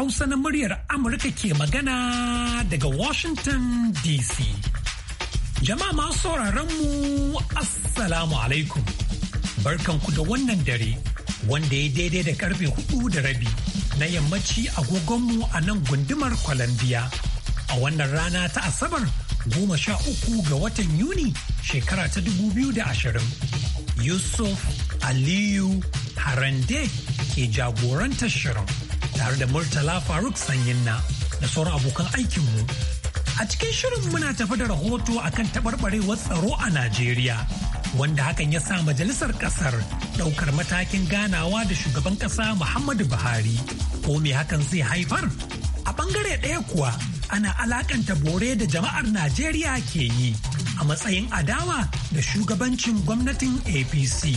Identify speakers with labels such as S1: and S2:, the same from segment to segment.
S1: Hausa na muryar Amurka ke magana daga Washington DC. Jama'a masu mu Assalamu alaikum. Barkanku da wannan dare wanda ya daidai da karfe hudu da rabi na yammaci agogonmu a nan gundumar Columbia. A wannan rana ta Asabar goma sha uku ga watan Yuni shekara ta dubu biyu da ashirin. Yusuf Aliyu Harande ke jagorantar shirin. tare da Murtala Faruk Sanyinna da sauran abokan aikinmu. A cikin shirin muna tafi da rahoto kan taɓarɓarewar tsaro a Najeriya, wanda hakan ya sa majalisar ƙasar ɗaukar matakin ganawa da shugaban ƙasa Muhammadu Buhari. Ko me hakan zai haifar? A ɓangare ɗaya kuwa ana alakanta bore da jama'ar Najeriya ke yi a matsayin adawa da shugabancin gwamnatin APC.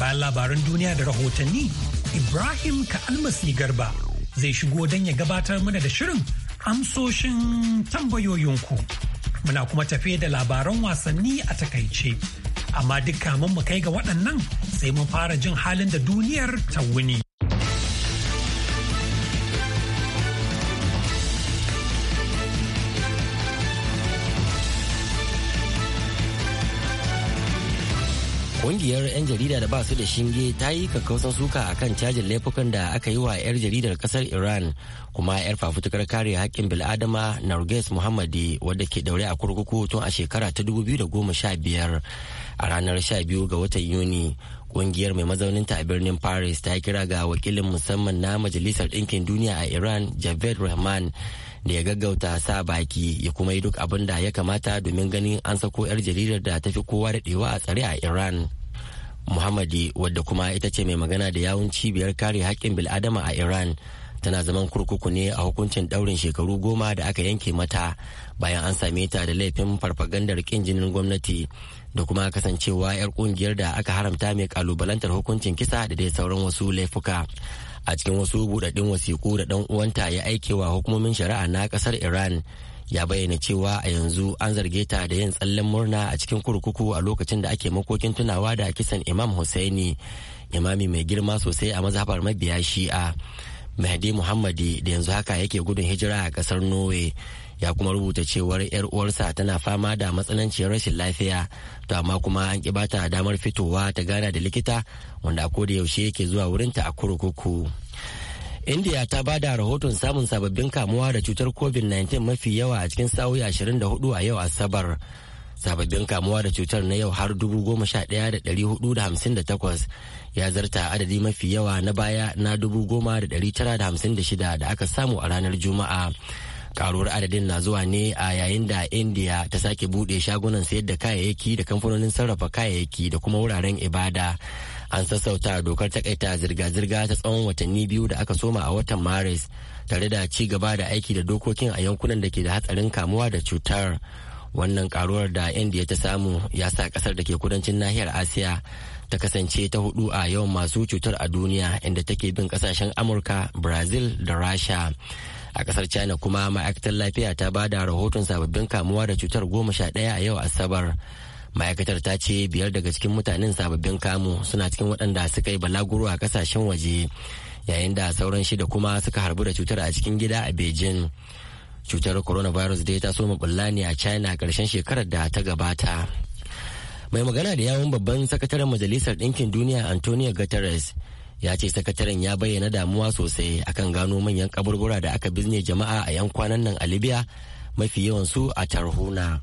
S1: Bayan labaran duniya da rahotanni, Ibrahim Ka'almasi Garba zai shigo don ya gabatar mana da shirin amsoshin tambayoyinku. Muna kuma tafe da labaran wasanni a takaice. Amma duk kamun mu kai ga waɗannan sai mun fara jin halin da duniyar ta wuni.
S2: Kungiyar 'yan jarida da ba su da shinge ta yi kakkausan suka a kan cajin laifukan da aka yi wa 'yar jaridar kasar Iran kuma 'yar fafutukar kare haƙƙin bil'adama Narges Muhammadi wadda ke daure a kurkuku tun a shekara ta 2015 a ranar 12 ga watan Yuni. Kungiyar mai mazauninta a birnin Paris ta kira ga wakilin musamman na Majalisar Ɗinkin Duniya a Iran Javed Rahman da ya gaggauta sa baki ya kuma yi duk abin da ya kamata domin ganin an sako 'yar jaridar da ta fi kowa daɗewa a tsare a iran muhammadi wadda kuma ita ce mai magana da yawun cibiyar kare haƙƙin bil'adama a iran tana zaman kurkuku ne a hukuncin ɗaurin shekaru goma da aka yanke mata bayan an same ta da laifin farfagandar ƙin jinin gwamnati da kuma kasancewa 'yar kungiyar da aka haramta mai kalubalantar hukuncin kisa da dai sauran wasu laifuka a cikin wasu budaddin wasiku da dan uwanta ya aikewa hukumomin shari'a na kasar iran ya bayyana cewa a yanzu an zarge ta da yin tsallen murna a cikin kurkuku a lokacin da ake makokin tunawa da kisan imam hussaini imami mai girma sosai a mazhabar mabiya shi'a mahdi muhammadi da yanzu haka yake gudun hijira a kasar norway ya kuma rubuta cewar yar uwarsa tana fama da matsananciyar rashin lafiya to amma kuma an ki bata damar fitowa ta gana da likita wanda a koda yaushe yake zuwa wurinta a kurkuku india ta ba da rahoton samun sababbin kamuwa da cutar covid-19 mafi yawa a cikin sa'o'i 24 a yau asabar sababbin kamuwa da cutar na yau har 11,458 ya zarta adadi mafi yawa na baya na 10,956 da aka samu a ranar juma'a karuwar adadin na zuwa ne a yayin da india ta sake bude shagunan sayar da kayayyaki da kamfanonin sarrafa kayayyaki da kuma wuraren ibada an sassauta dokar takaita zirga-zirga ta tsawon watanni biyu da aka soma a watan maris tare da ci gaba da aiki da dokokin a yankunan da ke da hatsarin kamuwa da cutar. wannan karuwar da india ta samu ya sa kasar da ke kudancin nahiyar asiya ta kasance ta hudu a yawan masu cutar a duniya inda take bin kasashen amurka brazil da rasha a kasar china kuma ma'aikatar lafiya ta ba da rahoton sababbin kamuwa da cutar goma sha ɗaya a yau asabar ma'aikatar ta ce biyar daga cikin mutanen sababbin kamu suna cikin waɗanda suka yi balaguro a kasashen waje yayin da sauran shida kuma suka harbu da cutar a cikin gida a beijing cutar coronavirus dai ta soma bulla ne a china karshen shekarar da ta gabata mai magana da yawon babban sakataren majalisar ɗinkin duniya antonio guterres ya ce sakataren ya bayyana damuwa sosai akan gano manyan kaburbura da aka bizne jama'a a yan kwanan nan a libya mafi su a tarhuna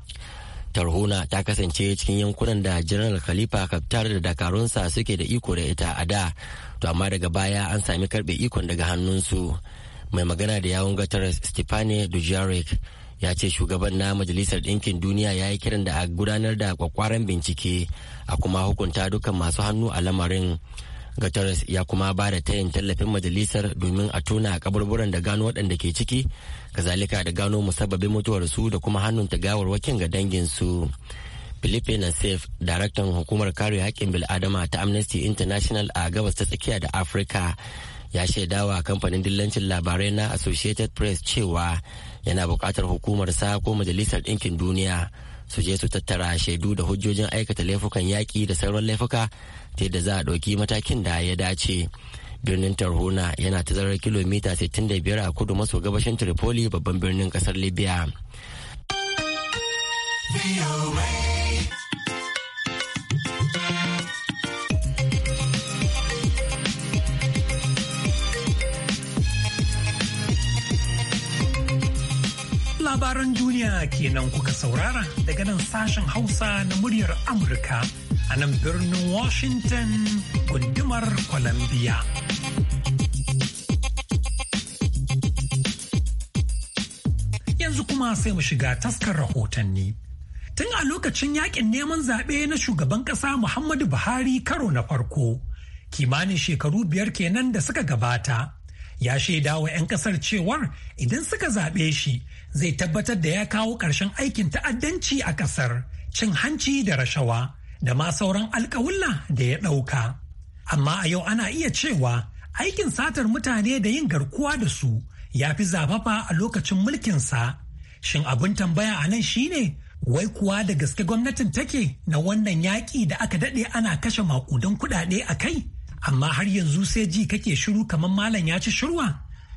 S2: tarhuna ta kasance cikin yankunan da general khalifa kaftar da dakarunsa suke da iko da ita a da to amma daga baya an sami karbe ikon daga hannunsu. mai magana da yawun gatar stefane dujarric ya ce shugaban na majalisar ɗinkin duniya ya yi kiran da a gudanar da kwakwaran bincike a kuma hukunta dukkan masu hannu a lamarin Guterres ya kuma ba da tayin tallafin majalisar domin a tona kaburburan da gano waɗanda ke ciki kazalika da gano musabbabin mutuwarsu da kuma hannun ta gawarwakin ga danginsu Philippe Nassif, daraktan hukumar kare haƙƙin bil'adama ta Amnesty International a gabas ta tsakiya da Afirka ya shaidawa kamfanin dillancin labarai na associated press cewa yana bukatar hukumar sa ko majalisar ɗinkin duniya su je su tattara shaidu da hujjojin aikata laifukan yaƙi da sauran laifuka ta da za a ɗauki matakin da ya dace birnin tarhuna yana tazarar kilomita 65 a kudu maso gabashin tripoli babban birnin ƙasar libya
S1: labaran duniya kenan kuka saurara daga nan sashen Hausa na muryar Amurka a nan birnin Washington gundumar Columbia. Yanzu kuma sai mu shiga taskar rahotanni. Tun a lokacin yakin neman zaɓe na shugaban ƙasa Muhammadu Buhari karo na farko, kimanin shekaru biyar kenan da suka gabata. ya shaida wa 'yan kasar cewar idan suka zaɓe shi zai tabbatar da ya kawo ƙarshen aikin ta'addanci a ƙasar cin hanci da rashawa da ma sauran alƙawulla da ya ɗauka amma a yau ana iya cewa aikin satar mutane da yin garkuwa da su ya fi zafafa a lokacin mulkinsa shin abin tambaya a nan shine wai kuwa da gaske gwamnatin take na wannan yaƙi da aka daɗe ana kashe maƙudan kuɗaɗe a kai amma har yanzu sai ji kake shiru kamar malam ya ci shirwa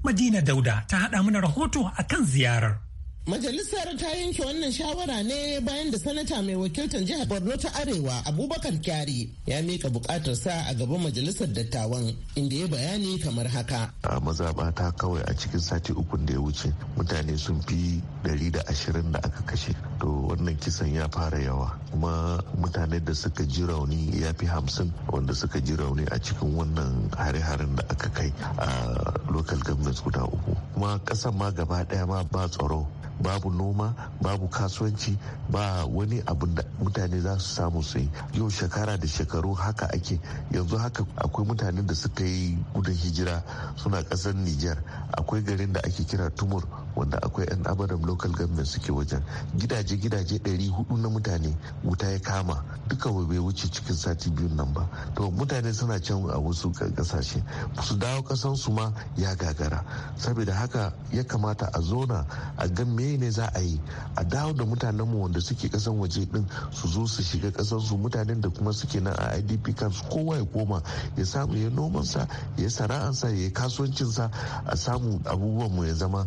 S1: madina dauda ta haɗa mana rahoto a kan ziyarar Majalisar ta
S3: yanke wannan shawara ne bayan da sanata mai wakiltar jihar Borno ta Arewa Abubakar Kyari ya mika bukatar sa a gaban majalisar dattawan inda ya bayani kamar haka.
S4: A ta kawai a cikin sati ukun da ya wuce mutane sun fi ɗari da ashirin da aka kashe. To wannan kisan ya fara yawa kuma mutane da suka ji rauni ya fi hamsin wanda suka ji rauni a cikin wannan hare-haren da aka kai a local government guda uku. Kuma ƙasan ma gaba ɗaya ma ba tsaro babu noma babu kasuwanci ba wani abin da mutane za su samu su yi yau shekara da shekaru haka ake yanzu haka akwai mutanen da suka yi gudun hijira suna ƙasar niger akwai garin da ake kira tumur wanda akwai yan abadam local government suke wajen gidaje gidaje 400 na mutane wuta ya kama duka bai wuce cikin sati biyun nan ba to mutane suna can a wasu kasashe su dawo kasan su ma ya gagara saboda haka ya kamata a zona a ga me ne za a yi a dawo da mutanen mu wanda suke kasan waje din su zo su shiga kasan mutanen da kuma suke nan a IDP kansu kowa ya koma ya samu ya nomansa ya sana'ansa ya kasuwancinsa a samu abubuwan mu ya zama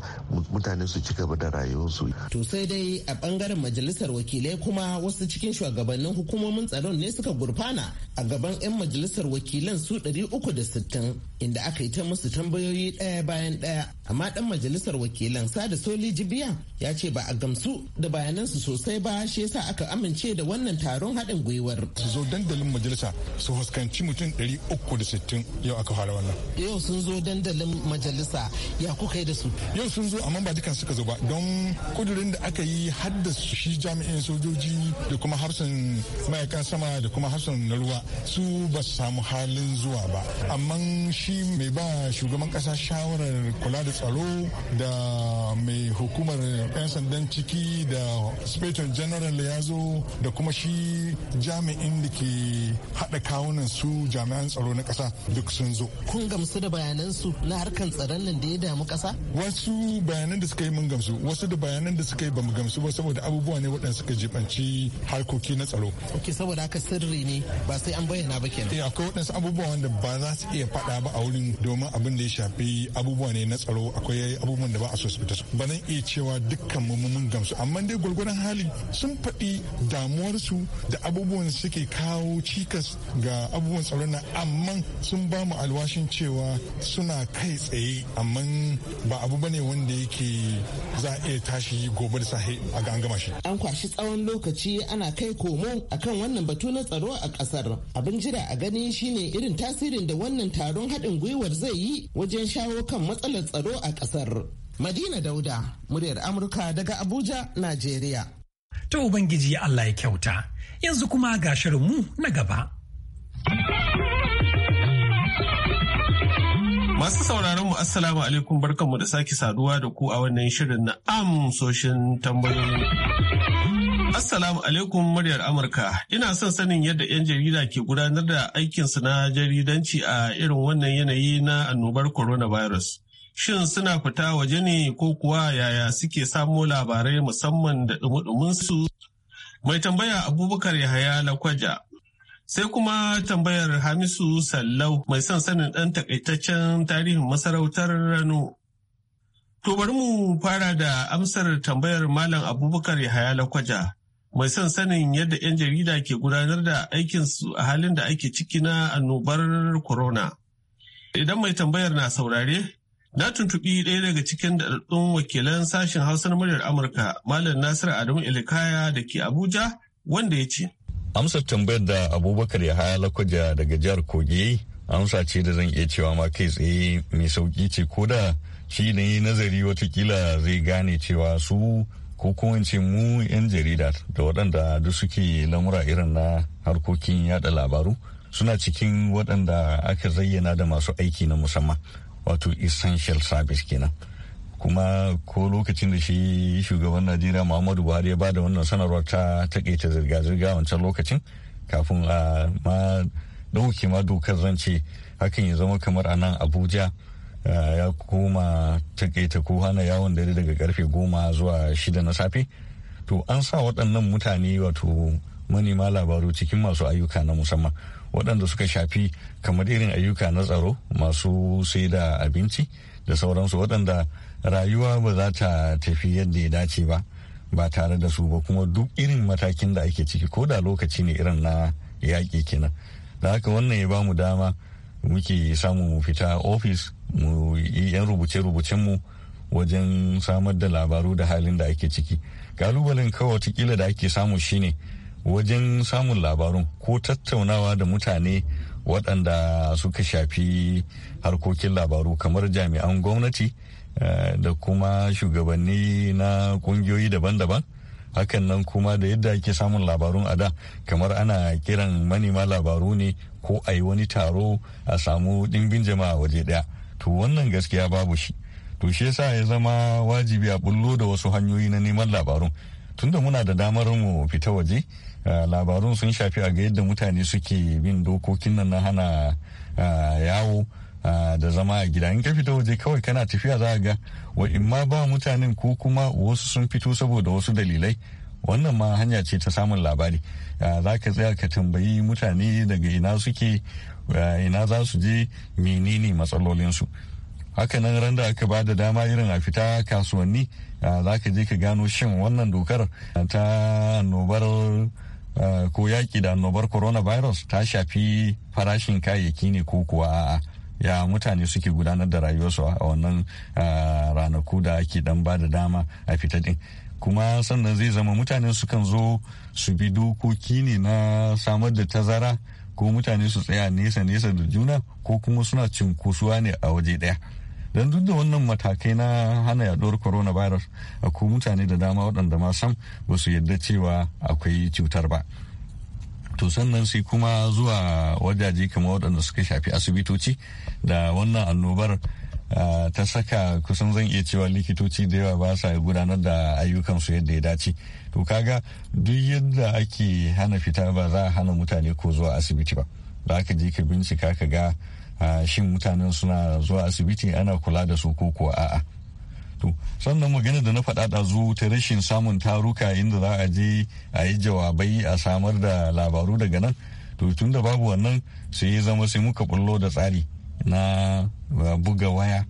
S4: mutane su ci gaba da rayuwarsu. To sai dai
S3: a bangaren majalisar wakilai kuma wasu cikin shugabannin hukumomin tsaron ne suka gurfana a gaban 'yan majalisar wakilan su 360 inda aka yi ta musu tambayoyi ɗaya bayan ɗaya. Amma ɗan majalisar wakilan Sada Soli Jibiya ya ce ba a gamsu da bayanansu sosai ba shi yasa aka amince da wannan taron haɗin gwiwar.
S5: Su zo dandalin majalisa su fuskanci mutum 360 yau aka fara wannan.
S3: Yau sun zo dandalin
S5: majalisa ya kuka yi da su. Yau sun zo amma nan ba dukan suka zo ba don kudurin da aka yi hadda shi jami'in sojoji da kuma harsun mayakan sama da kuma harsun na ruwa su ba su samu halin zuwa ba amma shi mai ba shugaban kasa shawarar kula da tsaro da mai hukumar 'yan sandan ciki da inspector general ya zo da kuma shi jami'in da ke haɗa kawunan su jami'an tsaro na kasa duk sun zo
S3: kun gamsu da bayanansu na harkar tsaron nan da ya damu ƙasa
S5: wasu bayanan da suka yi mun gamsu wasu da bayanan da suka yi ba mu gamsu ba saboda abubuwa ne waɗanda suka jibanci harkoki na tsaro.
S3: Ok saboda haka sirri ne ba sai an bayyana ba kenan.
S5: Eh akwai waɗansu abubuwa wanda ba za su iya faɗa ba a wurin domin abin da ya shafi abubuwa ne na tsaro akwai abubuwan da ba a so su fita su. Ba zan iya cewa dukkan mu mun gamsu amma dai gwargwaron hali sun faɗi damuwarsu da abubuwan suke kawo cikas ga abubuwan tsaro na amma sun ba mu alwashin cewa suna kai tsaye amma ba abu bane wanda yake aiki za a iya tashi gobe da safe a ga an gama shi.
S3: An kwashi tsawon lokaci ana kai komo akan wannan batu na tsaro a kasar. Abin jira a gani shine irin tasirin da wannan taron haɗin gwiwar zai yi wajen shawo kan matsalar tsaro a kasar. Madina Dauda, muryar Amurka daga Abuja, Najeriya.
S1: Ta Ubangiji Allah ya kyauta, yanzu kuma ga shirinmu na gaba.
S6: Masu sauraron mu assalamu alaikum barkanmu da sake saduwa da ku a wannan shirin na amsoshin tambayoyi. Assalamu alaikum muryar Amurka. Ina son sanin yadda 'yan jarida ke gudanar da aikinsu na jaridanci a irin wannan yanayi na annobar coronavirus. Shin suna fita waje ne ko kuwa yaya suke samo labarai musamman da su? Mai tambaya Abubakar Yahaya Lakwaja Sai kuma tambayar Hamisu Sallau mai son sanin ɗan takaitaccen tarihin masarautar Rano. To bari mu fara da amsar tambayar Malam Abubakar Yahaya Lakwaja mai son sanin yadda 'yan jarida ke gudanar da aikinsu a halin da ake ciki na annobar corona. Idan mai tambayar na saurare, na tuntuɓi ɗaya daga cikin daɗaɗɗun wakilan sashen Hausa na muryar Amurka, Malam Nasiru
S7: Adamu Ilikaya da ke Abuja, wanda ya ce. amsar tambayar da abubakar ya haya lakwaja daga jihar kogi amsa ce da zan iya cewa ma kai tsaye mai sauki ce ko da shi ne nazari watakila zai gane cewa su ko kuma ce mu 'yan jarida da waɗanda duk suke lamura irin na harkokin yada labaru suna cikin waɗanda aka zayyana da masu aiki na musamman wato essential service kenan kuma ko lokacin da shi shugaban najeriya muhammadu buhari ya bada wannan sanarwar ta takaita zirga-zirga wancan lokacin kafin a ma dauke ma dokar zance hakan ya zama kamar a nan abuja ya koma takaita ko hana yawon dare daga karfe goma zuwa shida na safe to an sa waɗannan mutane wato manema labaru cikin masu ayyuka na musamman waɗanda suka shafi kamar irin ayyuka na tsaro masu saida abinci da sauransu waɗanda rayuwa ba za ta tafi yadda ya dace ba ba tare da su ba kuma duk irin matakin da ake ciki ko da lokaci ne irin na yaƙi kenan da haka wannan ya bamu dama muke samu mu fita ofis mu yi 'yan rubuce mu wajen samar da labaru da halin da ake ciki kalubalen kawai watakila da ake samu shine wajen samun labarun ko tattaunawa da mutane waɗanda suka shafi harkokin labaru kamar jami'an gwamnati Eh, da kuma shugabanni na kungiyoyi daban-daban hakan nan kuma da yadda ake samun labarun a da kamar ana kiran manema labaru ne ko a yi wani taro a samu ɗinbin jama'a waje ɗaya to wannan gaskiya babu shi to shi yasa ya zama wajibi a bullo da wasu hanyoyi na neman labarun tunda muna da damar mu fita waje eh, labarun sun shafi a ga yadda mutane suke bin dokokin nan na hana eh, yawo da zama a gida in ka fita waje kawai kana tafiya za ga wa in ma ba mutanen ko kuma wasu sun fito saboda wasu dalilai wannan ma hanya ce ta samun labari za ka tsaya ka tambayi mutane daga ina suke ina za su je menene matsalolinsu hakanan ran da aka ba da dama irin a fita kasuwanni za ka je ka gano shin wannan dokar ta nobar ko yaƙi da nobar coronavirus ta shafi farashin kayayyaki ne ko kuwa a'a ya mutane suke gudanar da rayuwarsu a wannan ranaku da ake dan ba da dama a fita din kuma sannan zai zama mutane sukan zo su bi dokoki ne na samar da tazara ko mutane su tsaya nesa nesa da juna ko kuma suna cinkusuwa ne a waje daya don duk da wannan matakai na hana yaduwar coronavirus akwai mutane da dama waɗanda ma sam ba su yarda cewa akwai cutar ba to sannan sai kuma zuwa wajaje kamar waɗanda suka shafi asibitoci da wannan annobar ta saka kusan zan iya cewa likitoci da yawa ba sa gudanar da ayyukansu yadda ya dace to kaga duk yadda ake hana fita ba za a hana mutane ko zuwa asibiti ba za ka je ka bincika ka ga shin mutanen suna zuwa asibiti ana kula da su ko ko a'a to sannan magana da na faɗa ɗazu ta rashin samun taruka inda za a je a yi jawabai a samar da labaru daga nan to tun da babu wannan sai zama sai muka bullo da tsari na buga waya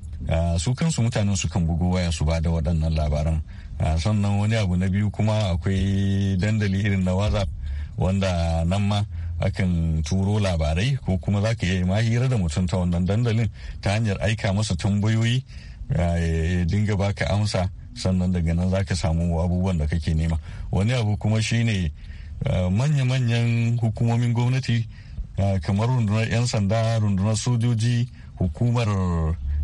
S7: su kansu mutanen su kan bugo waya su ba da waɗannan labaran sannan wani abu na biyu kuma akwai dandali irin na whatsapp wanda nan ma akan turo labarai ko kuma za ka iya ma hira da mutum ta wannan dandalin ta hanyar aika masa tambayoyi ya dinga baka amsa sannan daga nan za ka samu abubuwan da kake nema wani abu kuma shine manya-manyan hukumomin gwamnati kamar rundunar 'yan sanda rundunar sojoji hukumar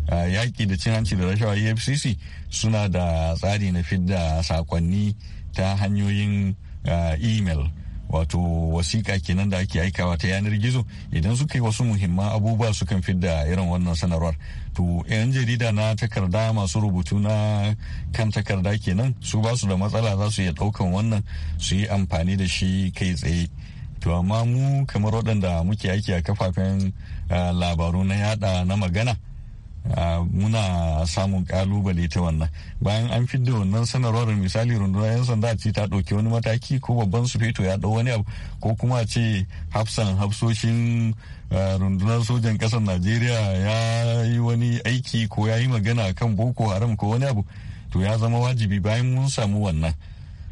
S7: yaƙi da cin hanci da rashawa efcc suna da tsari na fidda sakonni ta hanyoyin email wato wasiƙa kenan da ake aikawa ta yanar gizo idan suka yi wasu muhimman abubuwa sukan fidda irin wannan sanarwar to 'yan jarida na takarda masu rubutu na kan takarda kenan su basu da matsala za su iya daukan wannan su yi amfani da shi kai tsaye to amma mu kamar waɗanda muke aiki a kafafen ah, labaru na yada na magana muna samun kalubale ta wannan bayan an fidda wannan sanarwar misali rundunar 'yan sanda ce ta ɗauki wani mataki ko babban su feto ya ɗau wani abu ko kuma ce hafsan hafsoshin rundunar sojan kasar najeriya ya yi wani aiki ko ya yi magana kan boko haram ko wani abu to ya zama wajibi bayan mun samu wannan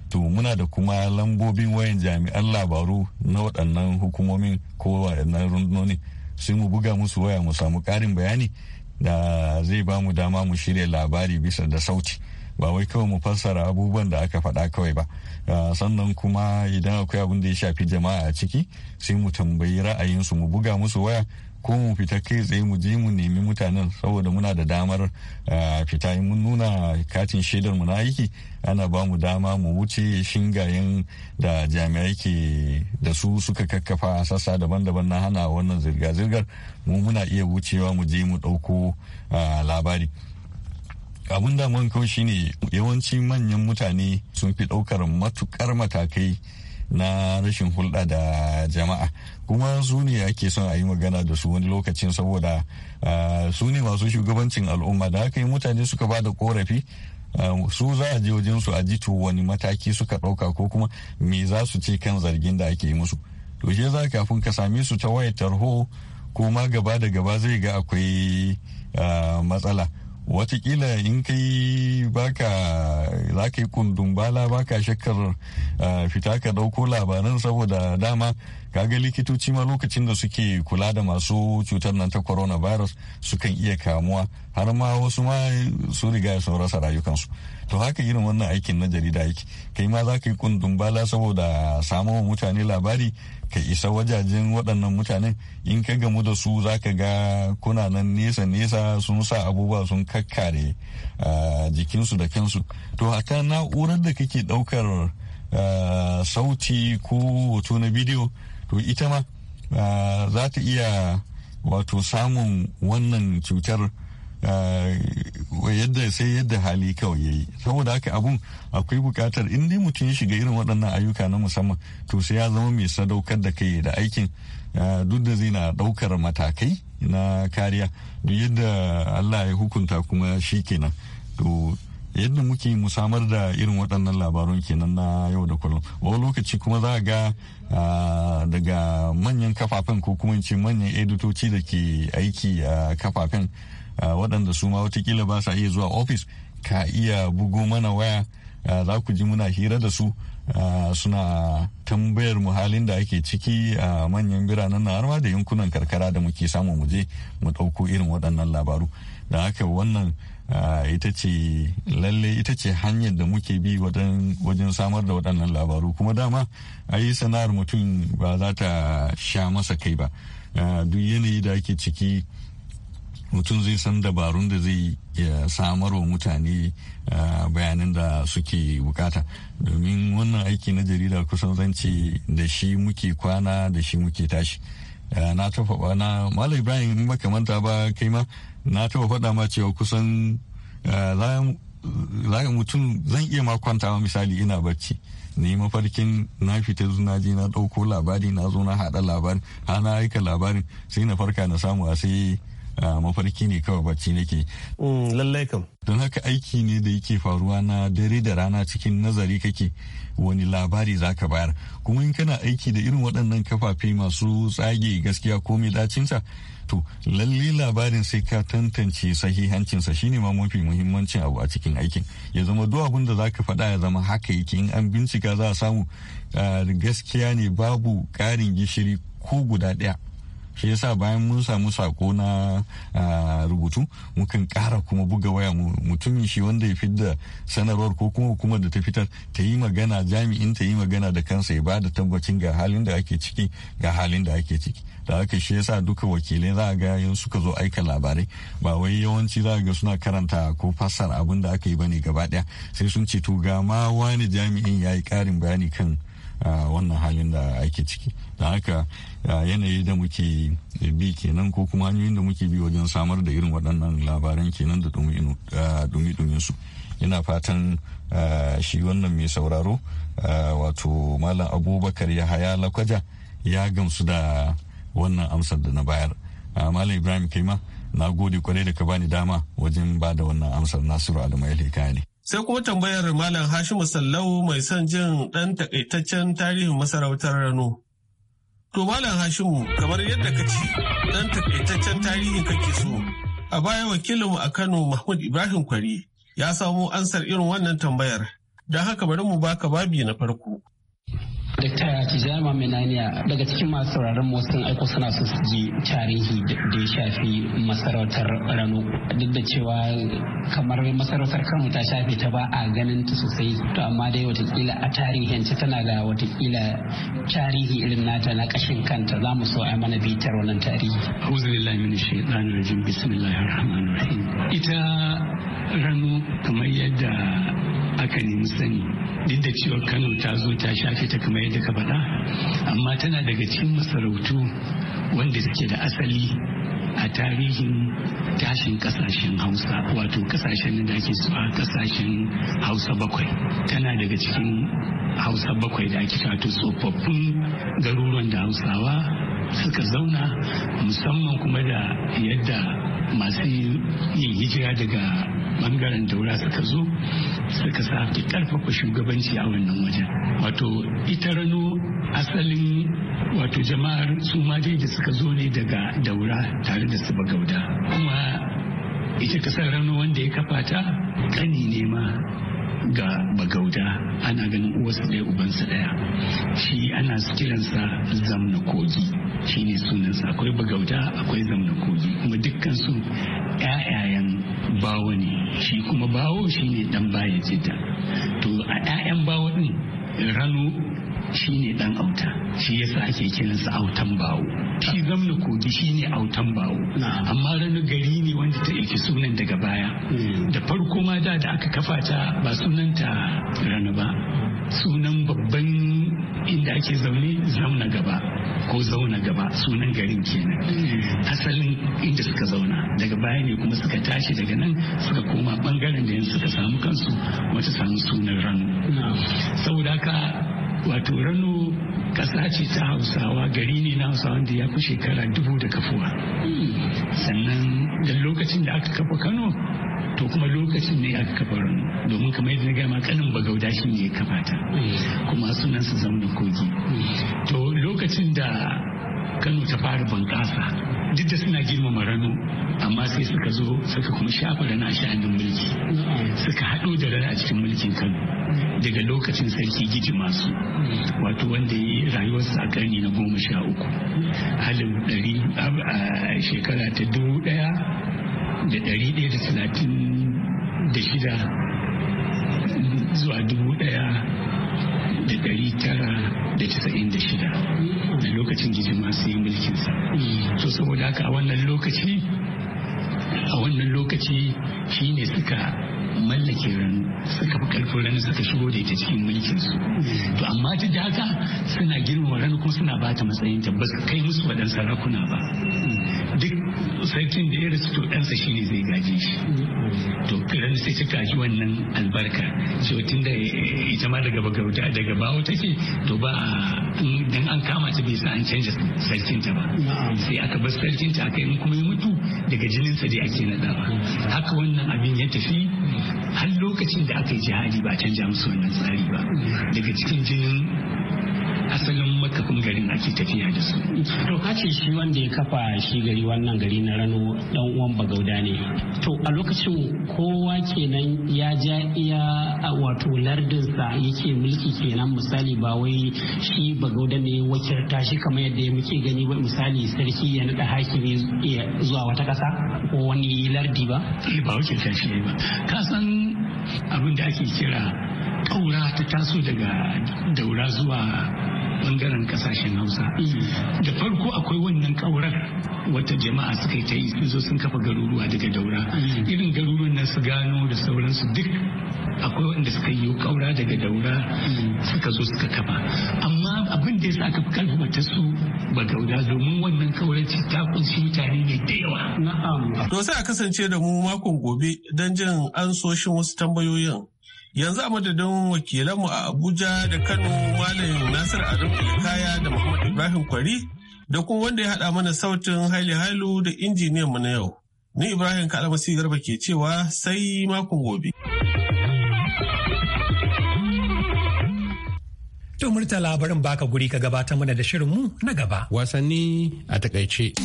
S7: to muna da kuma lambobin wayan jami'an labaru na waɗannan hukumomin ko waɗannan rundunoni sai mu buga musu waya mu samu ƙarin bayani da zai ba mu dama mu shirya labari bisa da sauti ba wai kawai mu fassara abubuwan da aka faɗa kawai ba ah, sannan kuma idan akwai abin da ya shafi jama'a a ciki sai mu tambayi ra'ayinsu mu buga musu waya ko mu fita kai tsaye mu je mu nemi mutanen saboda muna da damar fita mun nuna katin shaidar mu na aiki ana ba mu dama mu wuce shingayen da jami'ai ke da su suka kakkafa a sassa daban-daban na hana wannan zirga-zirgar mu muna iya wucewa mu je mu ɗauko labari abun damuwan kawai shine yawanci manyan mutane sun fi ɗaukar matukar matakai na rashin hulɗa da jama'a kuma su ne ake son a yi magana da su wani lokacin saboda su ne masu shugabancin al'umma da haka yi mutane suka ba da korafi su za a je wajen su a ji to wani mataki suka ɗauka ko kuma me za su ce kan zargin da ake yi musu to shi za kafin ka same su ta wayar tarho ko ma gaba da gaba zai ga akwai matsala watakila in kai baka za ka yi kundumbala baka shakkar fita ka dauko labaran saboda dama ka ga likitoci ma lokacin da suke kula da masu cutar nan ta coronavirus sukan iya kamuwa har ma wasu ma su riga sun rasa rayukansu to haka irin wannan aikin na jarida yake kai ma za ka yi kundin bala saboda samo mutane labari ka isa wajajen waɗannan mutanen in ka gamu da su za ka ga kuna nan nesa nesa sun sa abubuwa sun kakkare jikinsu da kansu to haka na'urar da kake ɗaukar sauti ko hoto na bidiyo to ita ma za ta iya wato samun wannan cutar Eh, yadda sai yadda hali kawai yayi saboda haka abun akwai bukatar in dai mutum ya shiga irin waɗannan ayyuka na musamman to sai ya zama mai sadaukar da kai da aikin eh, duk da zai na ɗaukar matakai na kariya duk yadda Allah ya hukunta kuma shi kenan to yadda muke mu samar da irin waɗannan labarun kenan na yau da kullum wani lokaci kuma za ga ah, daga manyan kafafen ko kuma ce manyan editoci da ke aiki a kafafen Ah, waɗanda su ma watakila ba sa iya zuwa ofis ka iya bugo mana waya ah, za ku ji muna hira da su ah, suna tambayar mu halin da ake ciki a manyan biranen na harma da yankunan karkara da muke samu mu je mu ɗauko irin waɗannan labaru da haka wannan ita ce lalle ita ce hanyar da muke bi wajen samar da waɗannan labaru kuma dama a yi sana'ar mutum ba za ta sha masa kai ba duk yanayi da ake ciki mutum zai san dabarun da zai samar wa mutane bayanan da suke bukata domin wannan aiki na jarida kusan zance da shi muke kwana da shi muke tashi na tafa bana malam ibrahim in baka manta ba kai ma na tafa faɗa ma cewa kusan za mutum zan iya ma kwantawa misali ina barci ne mafarkin na fita zuna je na ɗauko labari na zo na haɗa labarin har na aika labarin sai na farka na samu a sai mafarki ne kawai bacci nake mm, lallai kam don haka aiki ne da yake faruwa na dare da rana cikin nazari kake wani labari za ka bayar kuma in kana aiki da irin waɗannan kafafe masu tsage gaskiya ko mai dacinsa to lalle labarin sai ka tantance sahihancinsa shine ma mafi muhimmancin abu a cikin aikin ya zama duk abin da za ka faɗa ya zama haka yake in an bincika za a samu ah, gaskiya ne babu ƙarin gishiri ko guda ɗaya shi yasa bayan mun samu sako na rubutu mukan kara kuma buga waya mutumin shi wanda ya fidda sanarwar ko kuma hukumar da ta fitar ta yi magana jami'in ta yi magana da kansa ya bada tabbacin ga halin da ake ciki ga halin da ake ciki da haka shi yasa duka wakilai za a ga yin suka zo aika labarai ba wai yawanci za a ga suna karanta ko fassara abin da aka yi bane gaba daya sai sun ce to ga ma wani jami'in ya yi karin bayani kan wannan halin da ake ciki da haka yanayi da muke bi kenan ko kuma hanyoyin da muke bi wajen samar da irin waɗannan labaran kenan da dumi su ina fatan shi wannan mai sauraro wato malam abubakar ya haya lakwaja ya gamsu da wannan amsar da na bayar malam ibrahim kaima na gode kwarai da ka bani dama wajen ba da wannan amsar nasiru adamu ya ne
S6: Sai kuma tambayar Malam Hashimu Sallau mai son jin ɗan takaitaccen tarihin masarautar Rano. To Malam Hashimu, kamar yadda ka ce, ɗan takaitaccen tarihin kake so. A baya wakilinmu a Kano Mahmud Ibrahim Kwari ya samu ansar irin wannan tambayar. Don haka bari mu baka babi na farko.
S8: Dakta mai naniya daga cikin masu sauraron mu sun aiko suna su ji tarihi da ya shafi masarautar Rano duk da cewa kamar masarautar Kano ta shafe ta ba a ganin ta sosai to amma dai watakila a ta tana da watakila tarihi irin nata na kashin kanta za mu so a mana bitar wannan tarihi. Uzulillahi min bismillahir rahmanir Ita Rano kamar yadda aka nemi sani duk da cewa kano ta zo ta shafe ta kamar yadda ka faɗa amma tana daga cikin masarautu wanda suke da asali a tarihin tashin kasashen hausa wato kasashen da ake a kasashen hausa bakwai tana daga cikin hausa bakwai da ake wato tsofaffin garuruwan da hausawa suka zauna musamman kuma da yadda masu yin hijira daga bangaren daura suka zo suka sake karfafa shugabanci a wannan wajen wato ita rano asalin wato jama'ar su ma da suka zo ne daga daura tare da su bagauda kuma ita kasar rano wanda ya kafa ta kani ne ma ga bagauda ana ganin uwarsa ɗaya ubansa ɗaya shi ana kiransa zamna kogi shi ne sunansa akwai bagauda akwai zamna kogi kuma dukkan su 'ya'yayen bawo ne shi kuma bawo shi ne dan bayan jidda to a 'ya'yan bawo din rano shi ne dan auta shi yasa ake kiransa autan bawo shi gamna kogi shi ne autan bawo amma rano gari ne wanda ta ilki sunan daga baya hmm. da farko ma da da aka kafa ta ba sunanta rano ba sunan babban inda ake zaune zauna gaba ko zauna gaba sunan garin kenan asalin inda suka zauna daga baya ne kuma suka tashi daga nan suka koma bangaren da yanzu suka samu kansu wata samu sunan rano saboda haka wato rano Kasa ce ta hausawa gari ne na hausawa wanda ya fi shekara dubu da kafuwa sannan da lokacin da aka kafa kano to kuma lokacin ne aka kafa rano domin kamar yadda na gaya ma kanin bagauda shi ne ya kafa ta kuma sunansa zaunin kogi to lokacin da kano ta fara bunƙasa duk da suna girmama rano amma sai suka zo suka kuma shafa rana a sha'anin mulki suka haɗu da rana a cikin mulkin kano daga lokacin sarki giji masu wato wanda ya rayuwarsa a karni na goma sha uku halin ɗari a shekara ta dubu ɗaya da ɗari ɗaya da talatin da shida zuwa dubu ɗaya da ɗari tara da casa'in da shida da lokacin gijin masu yi mulkinsa so saboda haka a wannan lokaci a wannan lokaci shine suka mallake ranu suka fi karfin rani suka shigo da ita cikin mulkin su to amma ta da haka suna girma rani kuma suna bata matsayin ta ba su kai musu wadan sarakuna ba duk sarkin da ya rasu to ɗansa shine zai gaje shi to ranu sai ta kaji wannan albarka cewa tun da ita ma daga bagauta daga bawo take to ba dan an kama ta bai sa an canja sarkin ta ba sai aka bar sarkin ta aka yi kuma ya mutu daga jininsa dai ake nadawa haka wannan abin ya tafi har lokacin da aka yi jihadi ba a canja musu wannan tsari ba daga cikin jinin asalin ake tafiya da su. To kace shi wanda ya kafa shi gari wannan gari na Rano dan uwan Bagauda ne. To a lokacin kowa kenan ya ja iya wato lardinsa yake mulki kenan misali ba wai shi Bagauda ne wakilta shi kamar yadda ya muke gani ba misali sarki ya naɗa hakimi zuwa wata kasa ko wani lardi ba. Eh, ba wakilta shi ne ba. Ka san abin da ake kira ƙaura ta taso daga daura zuwa bangaren kasashen hausa mm. da farko akwai wannan kaurar wata jama'a suka yi ta yi sun zo sun kafa garuruwa daga daura mm. irin garuruwan nan su gano da sauransu duk akwai wanda suka yi kaura daga daura mm. suka zo suka kafa amma abin da ya sa aka fi su ba gauda domin wannan ce ta kunshi mutane ne da yawa. To sai a
S6: kasance da mu makon gobe don jin an ansoshin wasu tambayoyin. yanzu a madadin wakilanmu a abuja da kano malam nasir adam kaya da muhammad ibrahim kwari da kuma wanda ya haɗa mana sautin haili halu da injiniyan mu na yau ni ibrahim kalamasi garba ke cewa sai makon gobe
S1: to murta labarin baka guri ka gabatar mana da shirinmu na gaba wasanni a takaice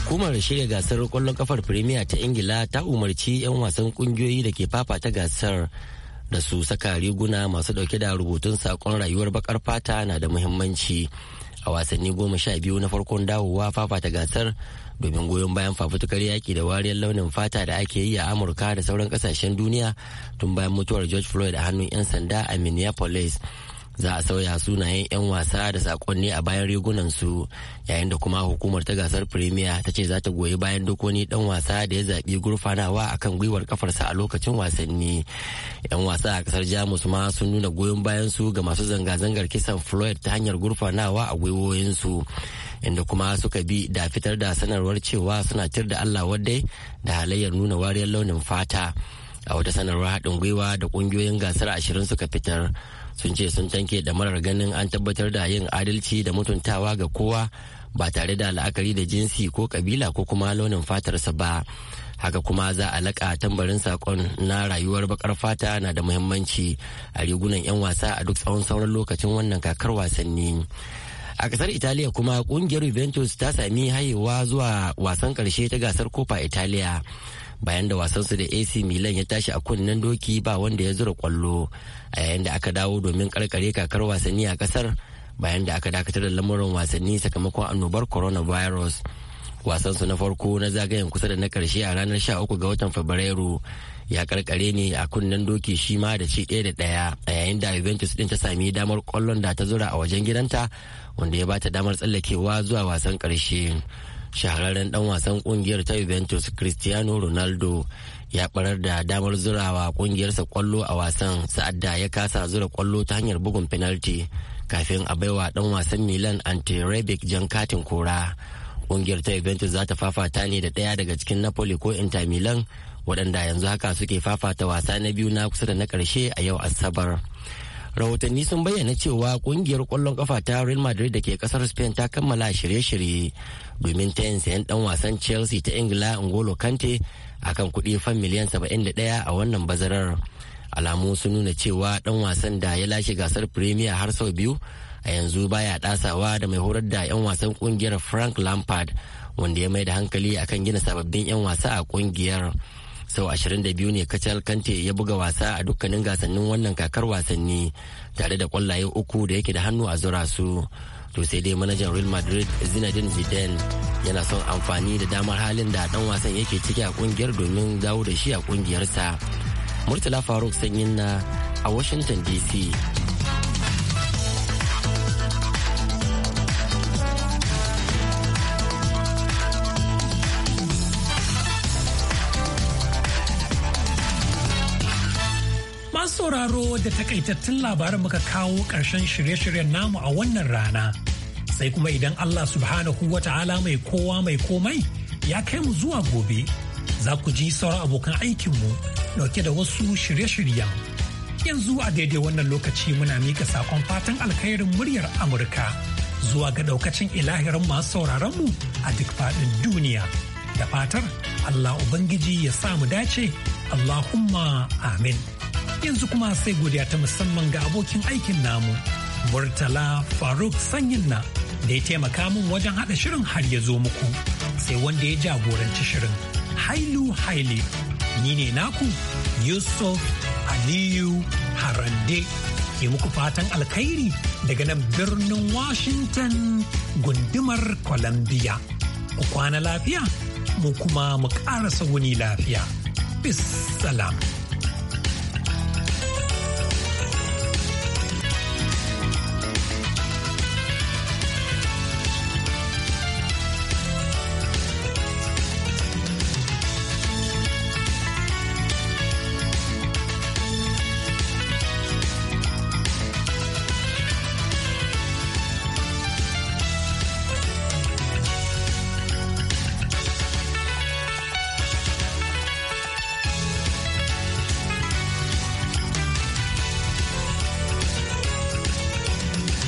S2: Hukumar shirya gasar kwallon kafar Premier ta Ingila ta umarci 'yan wasan kungiyoyi da ke fafata gasar da su saka riguna masu dauke da rubutun sakon rayuwar bakar fata na da muhimmanci a wasanni goma sha biyu na farkon dawowa fafata gasar domin goyon bayan fafutukar yaki da wariyar launin fata da ake yi a amurka da sauran kasashen duniya tun bayan mutuwar george floyd a hannun 'yan sanda a minneapolis za a sauya sunayen 'yan wasa da sakonni a bayan rigunan su yayin da kuma hukumar ta gasar premier ta ce za ta goyi bayan duk wani dan wasa da ya zaɓi gurfanawa akan gwiwar kafarsa a lokacin wasanni 'yan wasa a kasar jamus ma sun nuna goyon bayan su ga masu zanga-zangar kisan floyd ta hanyar gurfanawa a gwiwoyinsu inda kuma suka bi da fitar da sanarwar cewa suna tir da allah wadai da halayyar nuna wariyar launin fata a wata sanarwar haɗin gwiwa da ƙungiyoyin gasar ashirin suka fitar sun ce sun tanke da marar ganin an tabbatar da yin adalci da mutuntawa ga kowa ba tare da la'akari da jinsi ko kabila ko kuma launin fatarsa ba haka kuma za a laƙa tambarin saƙon na rayuwar baƙar fata na da muhimmanci a rigunan 'yan wasa a duk tsawon sauran lokacin wannan kakar wasanni a ƙasar italiya kuma ƙungiyar juventus ta sami hayewa zuwa wasan ƙarshe ta gasar copa italiya bayan da wasansu da AC Milan ya tashi a kunnen doki ba wanda ya zura kwallo a yayin da aka dawo domin karkare kakar wasanni a kasar bayan da aka dakatar da lamuran wasanni sakamakon annobar coronavirus. Wasansu na farko na zagayen kusa da na karshe a ranar 13 ga watan Fabrairu ya karkare ne a kunnen doki shi ma da ci ɗaya da ɗaya a yayin da Juventus din ta sami damar kwallon da ta zura a wajen gidanta wanda ya bata damar tsallakewa zuwa wasan karshe. shahararren dan wasan kungiyar ta Juventus Cristiano Ronaldo ya barar da damar zurawa kungiyarsa kwallo a wasan sa'adda ya kasa zura kwallo ta hanyar bugun penalty kafin a baiwa dan wasan Milan Ante Rebic jan katin kora. Kungiyar ta Juventus za ta fafata ne da ɗaya daga cikin Napoli ko Inter Milan waɗanda yanzu haka suke fafata wasa na biyu na kusa da na ƙarshe a yau Asabar. rahotanni sun bayyana cewa kungiyar kwallon kafa ta real madrid da ke kasar spain ta kammala shirye-shirye domin ta yin sayan dan wasan chelsea ta ingila ngolo kante akan kuɗi fan miliyan 71 a wannan bazarar alamu sun nuna cewa dan wasan da ya lashe gasar premier har sau biyu a yanzu baya dasawa da mai horar da 'yan wasan kungiyar frank lampard wanda ya mai da hankali akan gina sababbin 'yan wasa a kungiyar. sau ashirin da biyu ne kacal kante ya buga wasa a dukkanin gasannin wannan kakar wasanni tare da kwallaye uku da yake da hannu a zura su to sai dai manajan real madrid zinedine zidane yana son amfani da damar halin da dan wasan yake ciki a kungiyar domin dawo da shi a kungiyarsa murtala faruk sanyin na a washington dc
S1: sauraro da takaitattun labaran muka kawo ƙarshen shirye-shiryen namu a wannan rana. Sai kuma idan Allah subhanahu wa ta'ala mai kowa mai komai ya kai mu zuwa gobe. Za ku ji sauran abokan aikinmu dauke da wasu shirye-shiryen. Yanzu a daidai wannan lokaci muna mika sakon fatan alkhairin muryar Amurka zuwa ga daukacin ilahirin masu sauraronmu a duk faɗin duniya. Da fatar Allah Ubangiji ya samu dace, Allahumma amin. Yanzu kuma sai godiya ta musamman ga abokin aikin namu, Murtala Faruk Sanyinna da ya taimaka min wajen haɗa shirin har ya zo muku. Sai wanda ya jagoranci shirin, Hailu Haile, ni ne naku Yusuf Aliyu Harande. Ke muku fatan alkhairi daga nan birnin Washington gundumar Columbia. Ku kwana lafiya, mu kuma mu ƙarasa wuni lafiya. Bis salam.